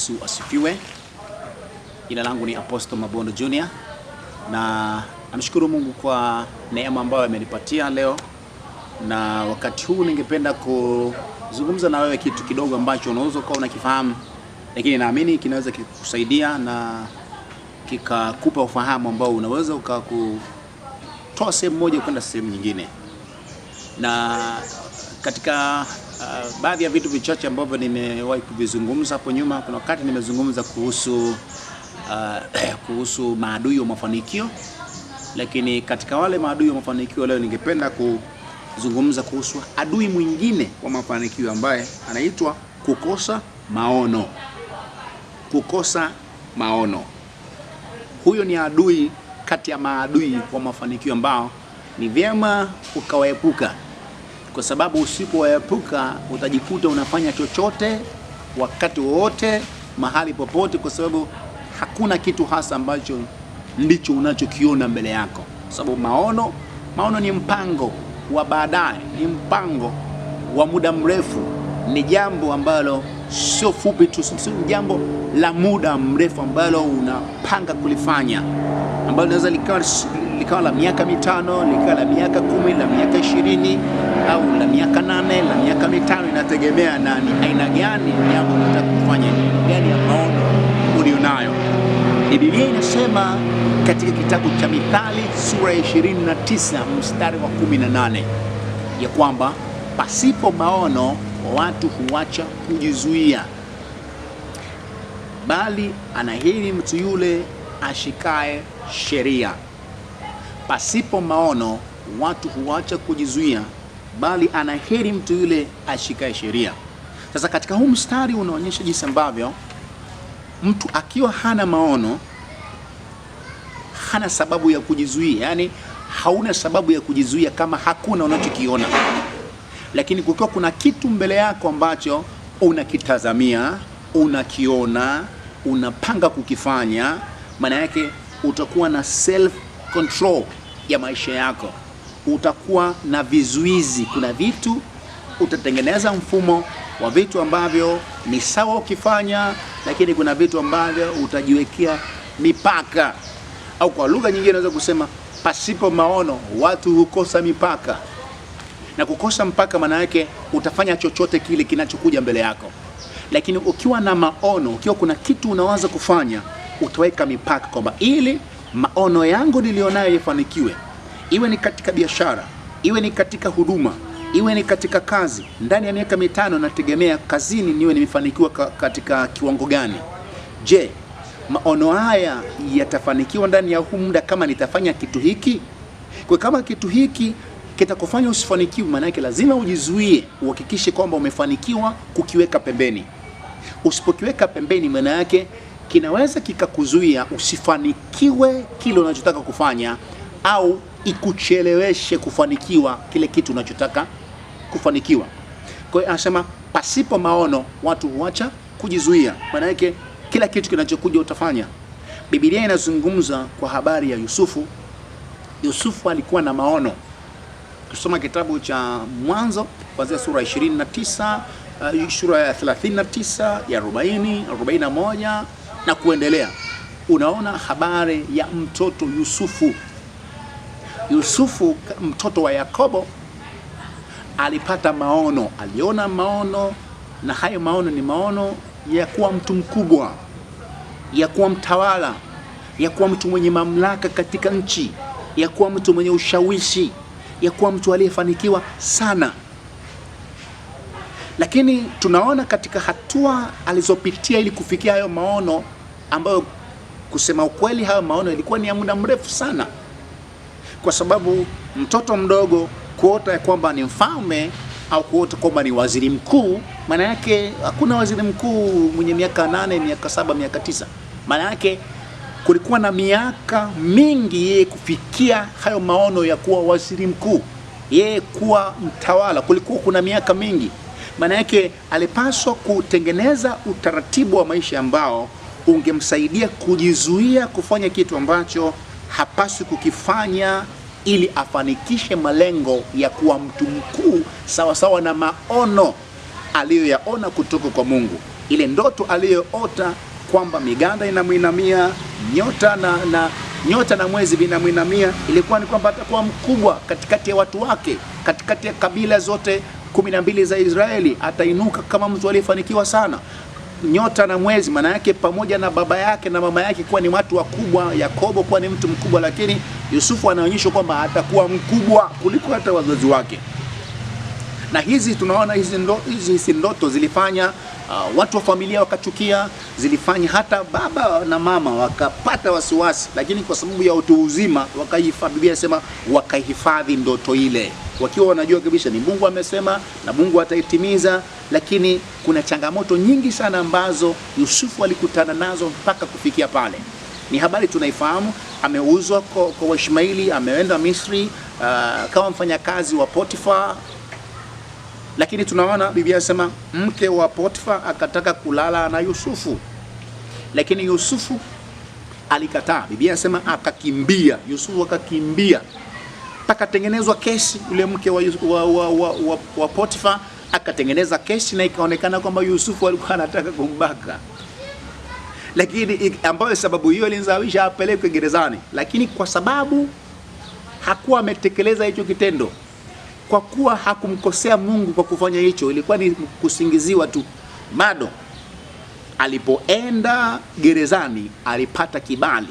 Yesu asifiwe. Jina langu ni Apostle Mabondo Junior na namshukuru Mungu kwa neema ambayo amenipatia leo, na wakati huu ningependa kuzungumza na wewe kitu kidogo ambacho unaweza ukawa unakifahamu, lakini naamini kinaweza kikukusaidia na kikakupa ufahamu ambao unaweza ukakutoa sehemu moja kwenda sehemu nyingine na katika Uh, baadhi ya vitu vichache ambavyo nimewahi kuvizungumza hapo nyuma, kuna wakati nimezungumza kuhusu uh, kuhusu maadui wa mafanikio, lakini katika wale maadui wa mafanikio leo ningependa kuzungumza kuhusu adui mwingine wa mafanikio ambaye anaitwa kukosa maono. Kukosa maono, huyo ni adui kati ya maadui wa mafanikio ambao ni vyema ukawaepuka kwa sababu usipoepuka utajikuta unafanya chochote wakati wowote mahali popote, kwa sababu hakuna kitu hasa ambacho ndicho unachokiona mbele yako, kwa sababu maono maono ni mpango wa baadaye, ni mpango wa muda mrefu, ni jambo ambalo sio fupi tu, sio jambo la muda mrefu ambalo unapanga kulifanya, ambalo linaweza likawa likawa la miaka mitano, likawa la miaka kumi, la miaka ishirini au la miaka nane, la miaka mitano, inategemea na ni aina gani jambo unataka kufanya, gani ya maono ulionayo. Biblia inasema katika kitabu cha Mithali sura ya 29 mstari wa 18 ya kwamba pasipo maono watu huacha kujizuia, bali anahili mtu yule ashikae sheria. Pasipo maono watu huacha kujizuia, bali anaheri mtu yule ashikae sheria. Sasa katika huu mstari unaonyesha jinsi ambavyo mtu akiwa hana maono, hana sababu ya kujizuia, yaani hauna sababu ya kujizuia kama hakuna unachokiona. Lakini kukiwa kuna kitu mbele yako ambacho unakitazamia, unakiona, unapanga kukifanya, maana yake utakuwa na self control ya maisha yako. Utakuwa na vizuizi, kuna vitu utatengeneza mfumo wa vitu ambavyo ni sawa ukifanya, lakini kuna vitu ambavyo utajiwekea mipaka, au kwa lugha nyingine naweza kusema pasipo maono watu hukosa mipaka. Na kukosa mpaka maana yake utafanya chochote kile kinachokuja mbele yako, lakini ukiwa na maono, ukiwa kuna kitu unawaza kufanya, utaweka mipaka kwamba ili maono yangu niliyonayo yafanikiwe, iwe ni katika biashara, iwe ni katika huduma, iwe ni katika kazi. Ndani ya miaka mitano nategemea kazini niwe nimefanikiwa katika kiwango gani? Je, maono haya yatafanikiwa ndani ya huu muda kama nitafanya kitu hiki? Kwa kama kitu hiki kitakufanya usifanikiwe, maana yake lazima ujizuie, uhakikishe kwamba umefanikiwa kukiweka pembeni. Usipokiweka pembeni, maana yake kinaweza kikakuzuia usifanikiwe kile unachotaka kufanya, au ikucheleweshe kufanikiwa kile kitu unachotaka kufanikiwa. Kwa hiyo anasema pasipo maono watu huacha kujizuia. Maana yake kila kitu kinachokuja utafanya. Biblia inazungumza kwa habari ya Yusufu. Yusufu alikuwa na maono. Kusoma kitabu cha Mwanzo kuanzia sura 29 uh, sura ya 39 ya 40 41 na kuendelea. Unaona habari ya mtoto Yusufu. Yusufu mtoto wa Yakobo alipata maono, aliona maono, na hayo maono ni maono ya kuwa mtu mkubwa, ya kuwa mtawala, ya kuwa mtu mwenye mamlaka katika nchi, ya kuwa mtu mwenye ushawishi, ya kuwa mtu aliyefanikiwa sana. Lakini tunaona katika hatua alizopitia ili kufikia hayo maono ambayo kusema ukweli hayo maono ilikuwa ni ya muda mrefu sana, kwa sababu mtoto mdogo kuota ya kwamba ni mfalme au kuota kwamba ni waziri mkuu, maana yake hakuna waziri mkuu mwenye miaka nane, miaka saba, miaka tisa. Maana yake kulikuwa na miaka mingi yeye kufikia hayo maono ya kuwa waziri mkuu, yeye kuwa mtawala, kulikuwa kuna miaka mingi. Maana yake alipaswa kutengeneza utaratibu wa maisha ambao ungemsaidia kujizuia kufanya kitu ambacho hapaswi kukifanya ili afanikishe malengo ya kuwa mtu mkuu sawasawa na maono aliyoyaona kutoka kwa Mungu, ile ndoto aliyoota kwamba miganda inamwinamia nyota na, na nyota na mwezi vinamwinamia, ilikuwa ni kwamba atakuwa mkubwa katikati ya watu wake, katikati ya kabila zote kumi na mbili za Israeli atainuka kama mtu aliyefanikiwa sana. Nyota na mwezi, maana yake pamoja na baba yake na mama yake kuwa ni watu wakubwa, Yakobo kuwa ni mtu mkubwa, lakini Yusufu anaonyeshwa kwamba atakuwa mkubwa kuliko hata wazazi wake. Na hizi tunaona hizi ndo, hizi ndoto zilifanya uh, watu wa familia wakachukia, zilifanya hata baba na mama wakapata wasiwasi, lakini kwa sababu ya utu uzima wakaihifadhi, sema wakaihifadhi ndoto ile wakiwa wanajua kabisa ni Mungu amesema na Mungu ataitimiza. Lakini kuna changamoto nyingi sana ambazo Yusufu alikutana nazo mpaka kufikia pale. Ni habari tunaifahamu, ameuzwa kwa Waishmaili, ameenda Misri, uh, kama mfanyakazi wa Potifa. Lakini tunaona Biblia inasema mke wa Potifa akataka kulala na Yusufu, lakini Yusufu alikataa. Biblia inasema akakimbia, Yusufu akakimbia pakatengenezwa kesi. Yule mke wa, wa, wa, wa, wa Potifa akatengeneza kesi na ikaonekana kwamba Yusufu alikuwa anataka kumbaka, lakini ambayo sababu hiyo ilinzawisha apelekwe gerezani, lakini kwa sababu hakuwa ametekeleza hicho kitendo, kwa kuwa hakumkosea Mungu kwa kufanya hicho, ilikuwa ni kusingiziwa tu. Bado alipoenda gerezani alipata kibali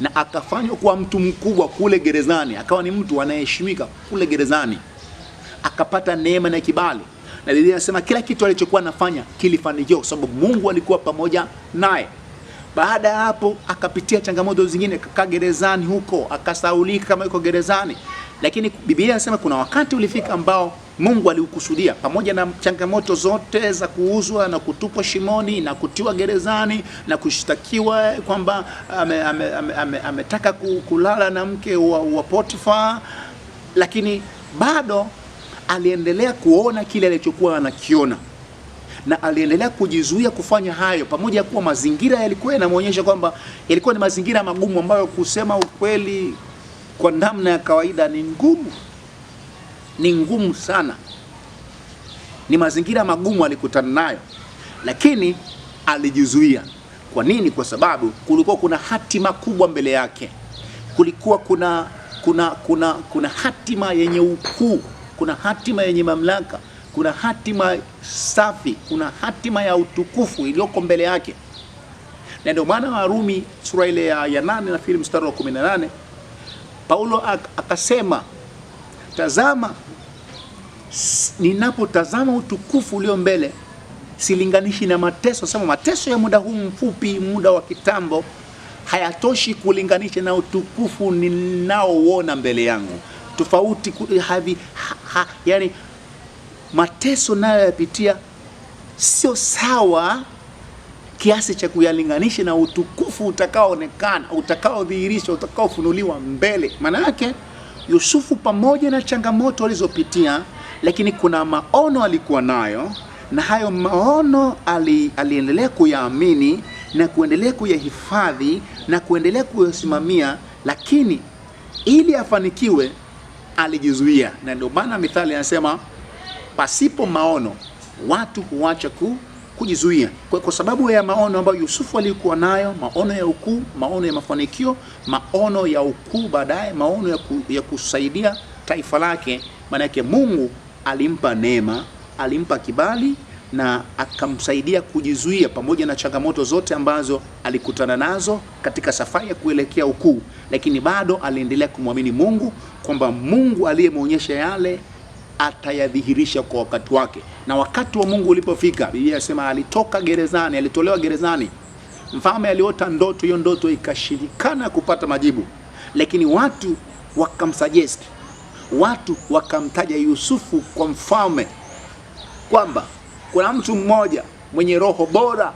na akafanywa kuwa mtu mkubwa kule gerezani, akawa ni mtu anayeheshimika kule gerezani, akapata neema na kibali, na Biblia inasema kila kitu alichokuwa anafanya kilifanikiwa, kwa sababu Mungu alikuwa pamoja naye. Baada ya hapo akapitia changamoto zingine, akakaa gerezani huko, akasaulika kama yuko gerezani, lakini Biblia inasema kuna wakati ulifika ambao Mungu aliukusudia pamoja na changamoto zote za kuuzwa na kutupwa shimoni na kutiwa gerezani na kushtakiwa kwamba ametaka ame, ame, ame, ame kulala na mke wa, wa Potifa, lakini bado aliendelea kuona kile alichokuwa anakiona na aliendelea kujizuia kufanya hayo, pamoja ya kuwa mazingira yalikuwa yanamwonyesha kwamba yalikuwa ni mazingira magumu ambayo kusema ukweli kwa namna ya kawaida ni ngumu, ni ngumu sana, ni mazingira magumu alikutana nayo, lakini alijizuia. Kwa nini? Kwa sababu kulikuwa kuna hatima kubwa mbele yake, kulikuwa kuna kuna kuna kuna hatima yenye ukuu, kuna hatima yenye mamlaka, kuna hatima safi, kuna hatima ya utukufu iliyoko mbele yake, na ndio maana Warumi sura ile ya 8 nafikiri mstari wa 18 Paulo akasema, tazama, ninapotazama utukufu ulio mbele silinganishi na mateso. Sema mateso ya muda huu mfupi, muda wa kitambo hayatoshi kulinganisha na utukufu ninaouona mbele yangu. Tofauti havi, ha, ha, yani mateso nayo yapitia sio sawa kiasi cha kuyalinganisha na utukufu utakaoonekana, utakaodhihirishwa, utakaofunuliwa mbele. Maana yake Yusufu, pamoja na changamoto alizopitia, lakini kuna maono alikuwa nayo, na hayo maono ali, aliendelea kuyaamini na kuendelea kuyahifadhi na kuendelea kuyasimamia, lakini ili afanikiwe alijizuia, na ndio maana mithali anasema pasipo maono watu huacha ku kujizuia kwa, kwa sababu ya maono ambayo Yusufu alikuwa nayo, maono ya ukuu, maono ya mafanikio, maono ya ukuu baadaye, maono ya, ku, ya kusaidia taifa lake. Maana yake Mungu alimpa neema, alimpa kibali na akamsaidia kujizuia pamoja na changamoto zote ambazo alikutana nazo katika safari ya kuelekea ukuu, lakini bado aliendelea kumwamini Mungu kwamba Mungu aliyemwonyesha yale atayadhihirisha kwa wakati wake, na wakati wa Mungu ulipofika, Biblia inasema alitoka gerezani, alitolewa gerezani. Mfalme aliota ndoto, hiyo ndoto ikashindikana kupata majibu, lakini watu wakamsuggest, watu wakamtaja Yusufu kwa mfalme kwamba kuna mtu mmoja mwenye roho bora